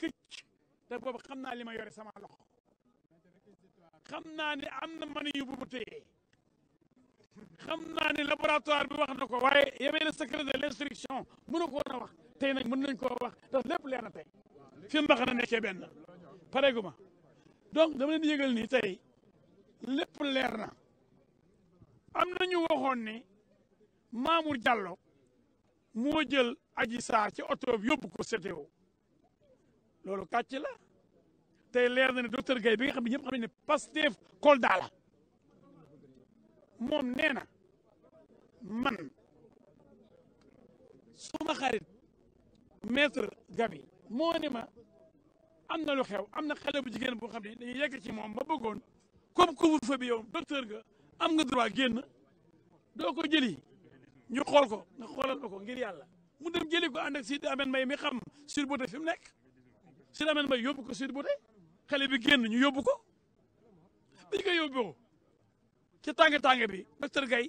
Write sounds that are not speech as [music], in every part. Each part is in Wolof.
këcc te boobu xam naa li ma yore sama loxo xam naa ne am na mënuñu bu mu téye xam naa ne laboratoire bi wax na ko waaye yemee na secret de l'instruction mënu ko woon wax tey nag mën nañ ko wax ndax lépp leer na tey fi mbax na nekkee benn pareegu ma donc dama leen di yëgal ni tey lépp leer na am na ñu waxoon ni Mamour Diallo moo jël Adji Sarr ci oto bi yóbbu ko CTO loolu kàcc la tey leer na ne docteur Guèye bi nga xam ne ñëpp xam ne Pastef Kolda la moom nee na man suma xarit maître Gabi moo ne ma am na lu xew am na xale bu jigéen boo xam ne dañuy yegg ci moom ba bëggoon comme couvre-feu bi yow docteur ga am nga droit génn doo ko jëli ñu xool ko nga xoolal ma ko ngir yàlla mu dem jëli ko ànd ak si amen may mi xam sur bote fi mu nekk Sidi Ahmed Mbaye yóbbu ko Sweet Beauté xale bi génn ñu yóbbu ko biñ ko ci tàng tàng bi docteur Gaye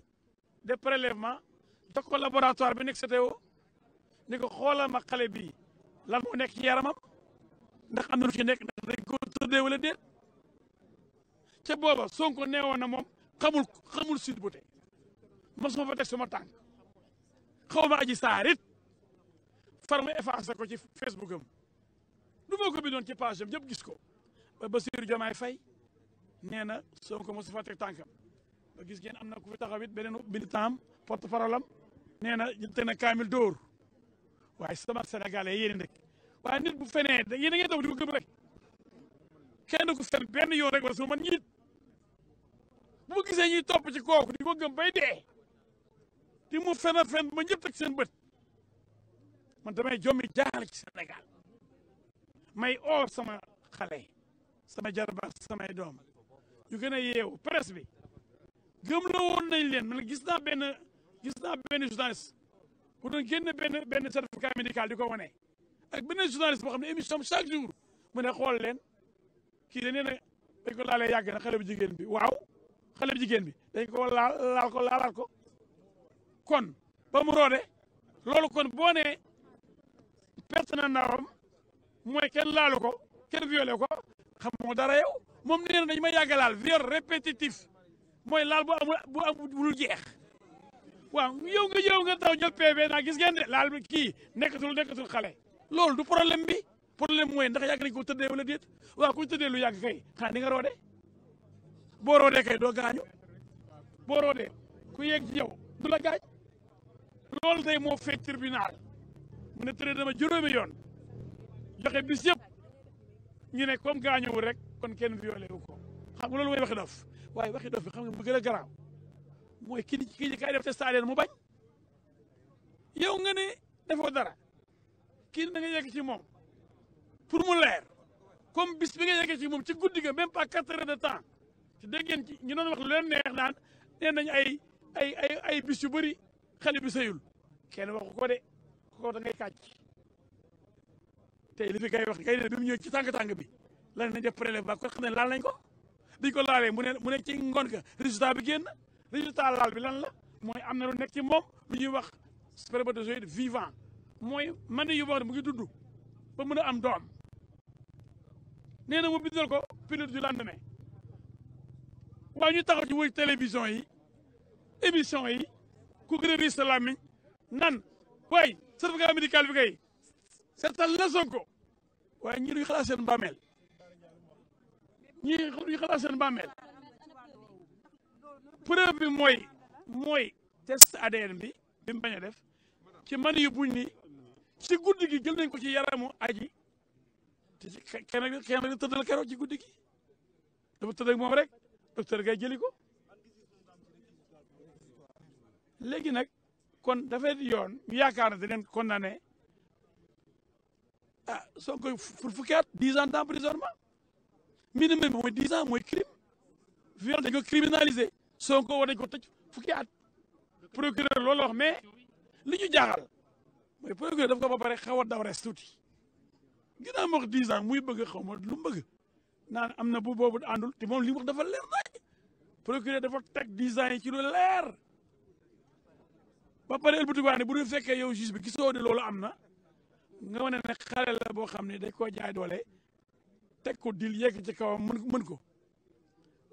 de prélèvement jox ko laboratoire bi nekk CTO ni ko xoolal ma xale bi lan moo nekk ci yaramam ndax am na ci nekk ndax dañ ko tëddee wala déet ca booba Sonko neewoon na moom xamul xamul Sweet Beauté mosuma fa teg sama tànk xaw ma aji saarit far ma ko ci Facebook du moo ko bindoon ci page am ñëpp gis ko ba Bassirou Diomaye Faye nee na Sonko mosu fa teg tànkam ba gis ngeen am na ku fi taxawit beneen militant am porte parole am nee na te na kaamil dóor waaye sama senegal yéen rek waaye nit bu fenee yéen a ngi di ko gëm rek kenn ku fen benn yoon rek la su man ñiit bu ma gisee ñuy topp ci kooku di ko gëm bay dee di mu fen a fen ba ñëpp teg seen bët man damay jommi jaaxal ci Sénégal may oo sama xale sama jarbaat samay doom yu gën a yeewu presse bi gëm la woon nañ leen man gis naa benn gis naa benn journaliste bu doon génn benn benn médical di ko wane ak benn journaliste boo xam ne émission chaque jour mu ne xool leen kii dañ ne dañ ko laalee yàgg na xale bu jigéen bi waaw xale bu jigéen bi dañ ko laal ko laalaat ko kon ba mu roode loolu kon boo nee perte na ndawam mooy kenn laalu ko kenn violé ko xamoo dara yow moom nee na dañu ma yàgg laal viol répétitif mooy laal bu amul bu amul jeex waaw yow nga yow nga daw jël PV naa gis ngeen de laal bi kii nekkatul nekkatul xale loolu du problème bi problème mooy ndax yàgg nañ ko tëddee wala déet waaw ku tëddee lu yàgg kay xanaa di nga roode boo roodee kay doo gaañu boo roodee ku yegg ci yow du la gaañ loolu tey moo fekk tribunal mu ne tëddee dama juróomi yoon fexe bis yëpp ñu ne comme gaañowul rek kon kenn violé wu ko xam nga loolu mooy waxi dof waaye waxi dof fi xam nga bu gën a garaaw mooy ki kii kay def testa leen mu bañ yow nga ne defoo dara kii da nga yegg ci moom pour mu leer comme bis bi nga yegg ci moom ci guddi ga même pas quatre heures de temps ci dégg ngeen ñu doon wax lu leen neex naan nee nañ ay ay ay ay bis yu bari xale bi sëyul kenn waxu ko de ko da ngay kàcc tey li fi kay wax kay ne bi mu ñëw ci tàng-tàng bi lan nañ def prélèvement ko xam ne laal nañ ko biñ ko laalee mu ne mu ne ci ngoon ka résultat bi génn résultat laal bi lan la mooy am na lu nekk ci moom lu ñuy wax spermatozoïde vivant mooy man yu wax ne mu ngi dund ba mën a am doom nee na mu bindal ko pilote du lendemain waaye ñu taxaw ci wëy télévision yi émission yi ku gën a riis sa làmmiñ nan waaye certificat médical bi kay seetal la Sonko waaye ñi duñ xalaat seen bàmmeel ñi duñ xalaat seen bàmmeel preuve bi mooy mooy test ADN bi bi mu def ci man yu buñ ci guddi gi jël nañ ko ci yaramu aji te ci kenn kenn rek ci guddi gi dafa tëdd ak moom rek docteur Gaye jëli ko léegi nag kon dafay yoon ñu yaakaar ne kon condamné ah Sonko pour fukki at dix ans d'emprisonnement minimum mooy dix ans mooy crime viol dañ ko criminalisé Sonko war dañ ko tëj fukki at procureur loolu wax mais li ñu jaaxal mooy procureur daf ko ba pare xaw a daw res tuuti ginnaaw mu wax dix muy bëgg xaw ma lu mu bëgg naan am na bu boobu àndul te moom li mu wax dafa leer nañ procureur dafa teg dix yi ci lu leer ba pare ëlbatiku ne bu dee fekkee yow juge bi gisoo ne loolu am na nga wane ne xale la boo xam ne dañ koo jaay doole teg ko dil yegg ci kawam mën mën ko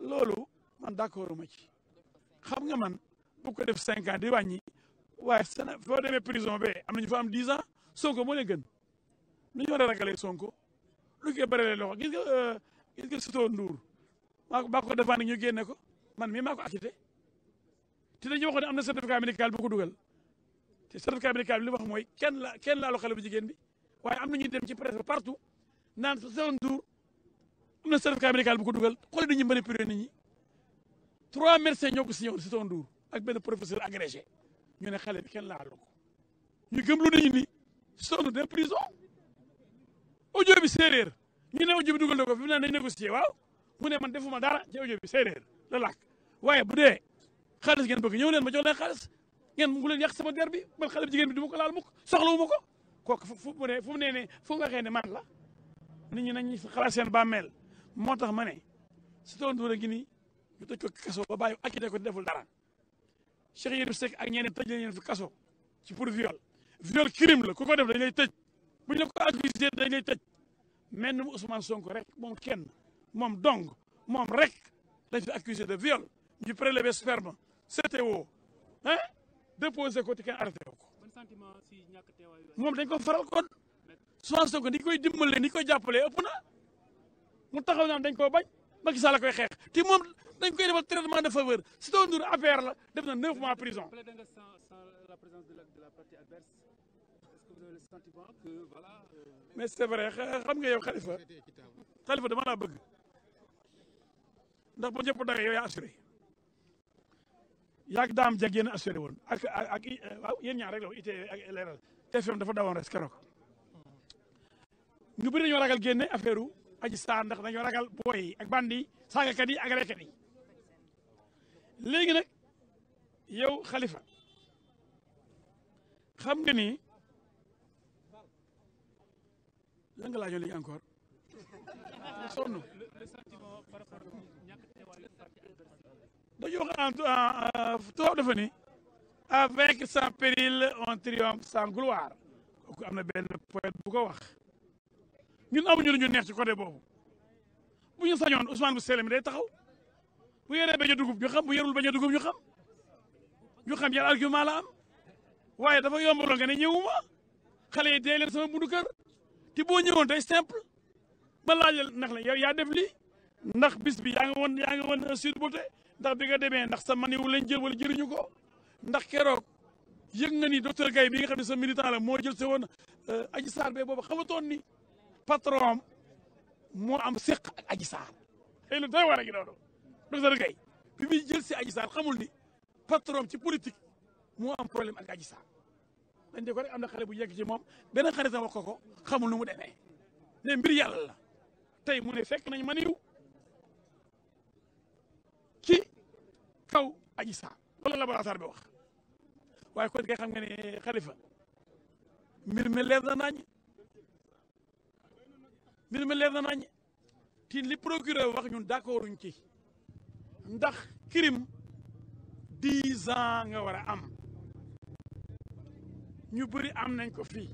loolu man d'accord ma ci xam nga man bu ko def cinq ans di wàññi waaye sena foo demee prison be am nañu fa am dix ans sonko moo leen gën lu ñu war a ragalee sonko lu koy bëralee loxo gis nga euh, gis nga sutoo nduur maa ko defaan ñu génne ko man mii maa ko acquitté te dañu waxoon ne am na certificat médical bu dugal te certificat médical bi li wax mooy kenn la kenn laalu xale bu jigéen bi waaye am na ñuy dem ci presse partout naan Sëriñ Ndour am na certificat médical bu ko dugal xooli dañuy manipuler nit ñi trois médecins ñoo ko si woon Sëriñ Ndour ak benn professeur agrégé ñu ne xale kenn laalu ko ñu gëmloo nañu ni Sëriñ Ndour dem prison audio bi séeréer ñu ne audio bi dugal na ko fi mu ne dañ négocier waaw mu ne man defuma dara ci audio bi séeréer la waaye bu dee xaalis ngeen bëgg ñëw leen ma jox leen xaalis ngeen mu leen yàq sama der bi jigéen bi du ko laal mukk soxlawu ma ko kooku fu mu ne fu mu nee nga xee ne man la nit ñi nañ xalaat seen bàmmeel moo tax ma ne si toon duur a ngi nii ñu tëj ko kaso ba bàyyi acquitté ko deful dara Cheikh Yérim Seck ak ñeneen tëj la ñeen fi kaso ci pour viol viol crime la ku ko def dañ lay tëj bu ñu la ko accusé dañ lay tëj mel ni mu rek moom kenn moom dong moom rek dañ fi accusé de viol ñu prélevé sperme CTO hein déposé ko te kenn arrêté wu moom dañ ko faral kon. Ousmane Sonko ni koy dimbalee ni koy jàppalee ëpp na mu taxaw naan dañ koo bañ Macky Sall la koy xeex te moom dañ koy defal traitement de faveur si tool Ndour APR la def na neuf mois prison. Euh, mais c'est vrai xam nga yow Khalifa Khalifa dama laa bëgg ndax bu ñëpp dawee yow yaa assuré. yàgg daam jag yéen a assuré woon ak ak ak waaw yéen ñaar rek la ite ak leeral TFM dafa dawoon res keroog ñu bëri dañoo ragal génne affaire u aji saar ndax dañoo ragal booy yi ak bandi yi saagakat yi ak reekat léegi nag yow xalifa xam nga ni léegi encore [laughs] dañu wax en tubaab euh, dafa ni avec sans péril on triomphe sans gloire am na benn poète bu ko wax ñun amuñu lu ñu neex ci côté boobu bu ñu sañoon Ousmane bu Sélé mi day taxaw bu yoree bañ a dugub ñu xam bu yorul bañ a dugub ñu xam ñu xam yan argument la am waaye dafa yombaloon nga ne ñëwuma xale yi dee leen sama bundu kër boo ñëwoon day simple ma laajal ndax la yow yaa def lii ndax bis bi yaa nga woon yaa nga ndax bi nga demee ndax sa maniwu lañ jël wala jëriñu ko ndax keroog yëg nga ni docteur Gaye bi nga xam ne sa militant la moo jël sa woon euh, aji saar bee boobu xamatoon ni patron am moo am séq ak aji saar xëy lu doy war a gi noonu docteur Gaye bi jël si aji saar xamul ni patron ci politique moo am problème ak aji saar dañ de ko rek am na xale bu yegg ci moom benn xaritam wax ko ko xamul nu mu demee mbir yàlla la tey mu ne fekk nañ maniw kaw aji saa loolu la balaasaar bi wax waaye kon kay xam nga ne xalifa mbir mi leer na nañ mbir mi leer na nañ ti li procureur wax ñun d'accorduñ ci ndax crime dix ans nga war a am ñu bëri am nañ ko fii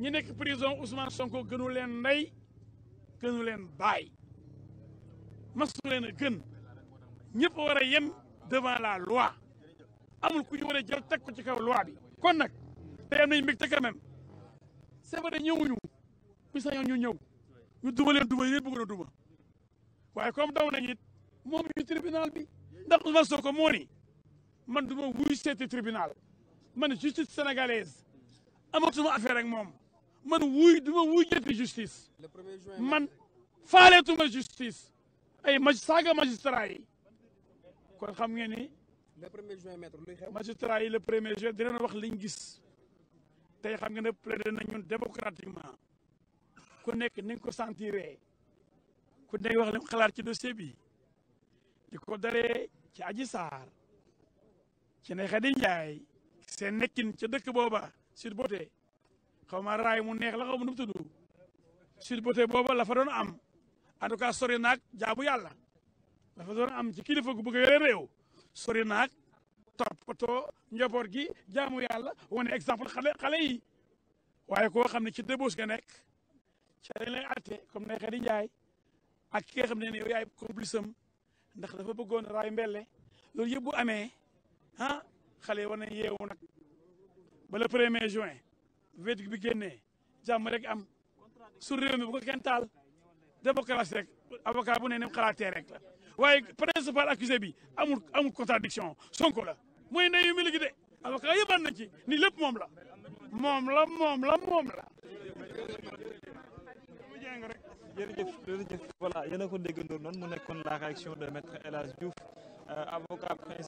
ñu nekk prison Ousmane Sonko gënu leen ndey gënu leen baay masu gën ñëpp war a yem devant la loi amul ku ñu war a teg ko ci kaw loi bi. kon nag tey am nañu mbégte quand même c'est vrai ñëwuñu bu sañoon ñu ñëw ñu duma leen duma yéen bëgg duma waaye comme daw nañ it moom ñu tribunal bi ndax Ousmane Sonko moo ni man du ma wuy seeti tribunal man justice sénégalaise amatuma affaire ak moom man wuy du ma wuy jëtti justice man faaleetuma justice ay maj saaga magistrat kon xam ngeen ni. le premier juin maître luy xew. magistrat yi le premier juin wax liñ gis tey xam nga ne plaider na ñun démocratiquement ku nekk ni nga ko santire ku nekk wax li mu xalaat ci dossier bi di ko daree ci aji saar ci Ndèye Khady Ndiaye seen nekkin ca dëkk booba Sweet Beauté xaw ma raay mu neex la xaw ma nu mu tudd Sweet booba la fa doon am en tout cas sori naag jaabu yàlla. dafa doon am ci kilifa gu bëgg a yore réew sori naag njaboot gi jaamu yàlla wane exemple xale xale yi waaye koo xam ne ci débauche nga nekk ca dañ lay ne xadi njaay ak ki nga xam yaay complice am ndax dafa bëggoon raay mbelle loolu yëpp bu amee ah xale yi yeewu nag ba premier juin verdict bi génnee jàmm rek am su réew mi bu kenn taal démocratie rek avocat bu ne ni mu rek la waaye principal accusé bi amul amul contradiction sonko la mooy ndeyu mi de avocat yëpp nañ ci ni lépp moom la moom la moom la moom la jërëjëf jërëjëf voilà yéen a ko déggandoo noonu mu nekkoon la réaction de maître El Hadj Diouf euh, avocat